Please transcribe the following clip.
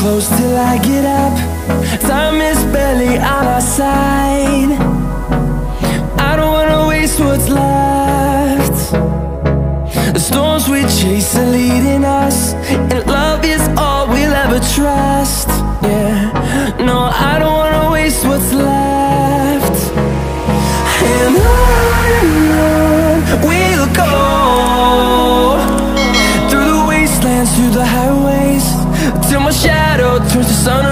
close till I get up Time is barely on our side I don't wanna waste what's left The storms we chase are leading us And love is all we'll ever trust Yeah, no, I don't wanna waste what's left And on and on we'll go Through the wastelands, through the highways Till my shadow times the sun